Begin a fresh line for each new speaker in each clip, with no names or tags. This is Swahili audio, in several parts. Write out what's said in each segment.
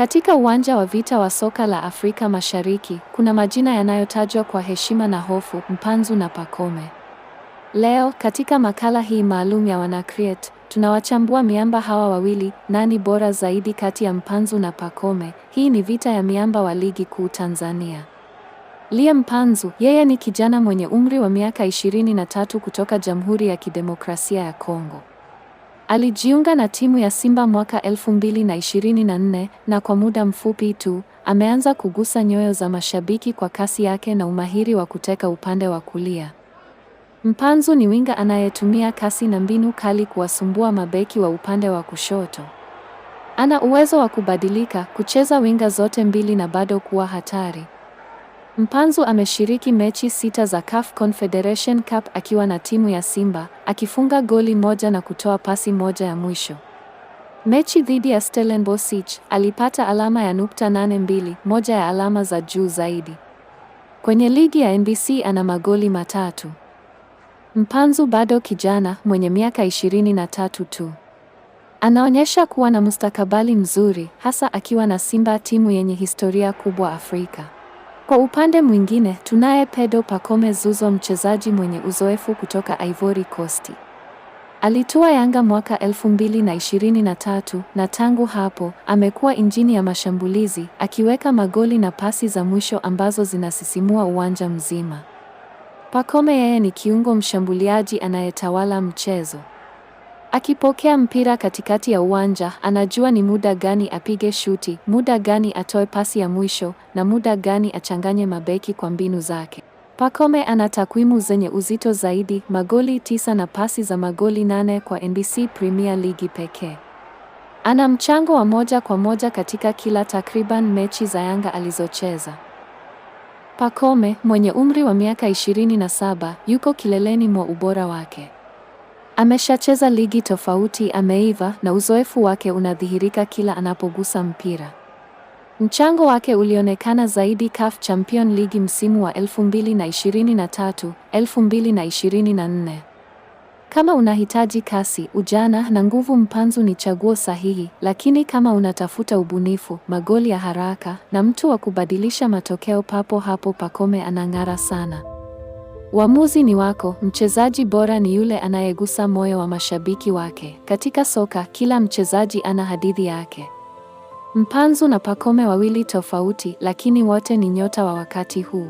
Katika uwanja wa vita wa soka la Afrika Mashariki, kuna majina yanayotajwa kwa heshima na hofu, Mpanzu na Pacome. Leo katika makala hii maalum ya Wanacreate, tunawachambua miamba hawa wawili, nani bora zaidi kati ya Mpanzu na Pacome? Hii ni vita ya miamba wa Ligi Kuu Tanzania. Lie Mpanzu, yeye ni kijana mwenye umri wa miaka 23 kutoka Jamhuri ya Kidemokrasia ya Kongo. Alijiunga na timu ya Simba mwaka 2024 na kwa muda mfupi tu ameanza kugusa nyoyo za mashabiki kwa kasi yake na umahiri wa kuteka upande wa kulia. Mpanzu ni winga anayetumia kasi na mbinu kali kuwasumbua mabeki wa upande wa kushoto. Ana uwezo wa kubadilika, kucheza winga zote mbili na bado kuwa hatari. Mpanzu ameshiriki mechi sita za CAF Confederation Cup akiwa na timu ya Simba, akifunga goli moja na kutoa pasi moja ya mwisho. Mechi dhidi ya Stellenbosch alipata alama ya nukta nane mbili, moja ya alama za juu zaidi. Kwenye ligi ya NBC ana magoli matatu. Mpanzu bado kijana mwenye miaka ishirini na tatu tu. Anaonyesha kuwa na mustakabali mzuri hasa akiwa na Simba timu yenye historia kubwa Afrika. Kwa upande mwingine, tunaye Pedro Pacome Zuzo, mchezaji mwenye uzoefu kutoka Ivory Coast. Alitua Yanga mwaka 2023 na tangu hapo amekuwa injini ya mashambulizi akiweka magoli na pasi za mwisho ambazo zinasisimua uwanja mzima. Pacome yeye ni kiungo mshambuliaji anayetawala mchezo. Akipokea mpira katikati ya uwanja, anajua ni muda gani apige shuti, muda gani atoe pasi ya mwisho na muda gani achanganye mabeki kwa mbinu zake. Pacome ana takwimu zenye uzito zaidi, magoli tisa na pasi za magoli nane kwa NBC Premier League pekee. Ana mchango wa moja kwa moja katika kila takriban mechi za Yanga alizocheza. Pacome mwenye umri wa miaka 27 yuko kileleni mwa ubora wake. Ameshacheza ligi tofauti, ameiva na uzoefu wake unadhihirika kila anapogusa mpira. Mchango wake ulionekana zaidi CAF Champion League msimu wa 2023, 2024. Kama unahitaji kasi, ujana na nguvu, Mpanzu ni chaguo sahihi, lakini kama unatafuta ubunifu, magoli ya haraka na mtu wa kubadilisha matokeo papo hapo, Pacome anang'ara sana. Uamuzi ni wako. Mchezaji bora ni yule anayegusa moyo wa mashabiki wake. Katika soka, kila mchezaji ana hadithi yake. Mpanzu na Pacome wawili tofauti, lakini wote ni nyota wa wakati huu.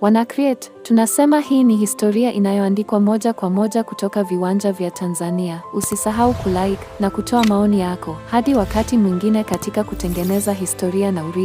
Wana create, tunasema hii ni historia inayoandikwa moja kwa moja kutoka viwanja vya Tanzania. Usisahau kulike na kutoa maoni yako. Hadi wakati mwingine katika kutengeneza historia na urithi.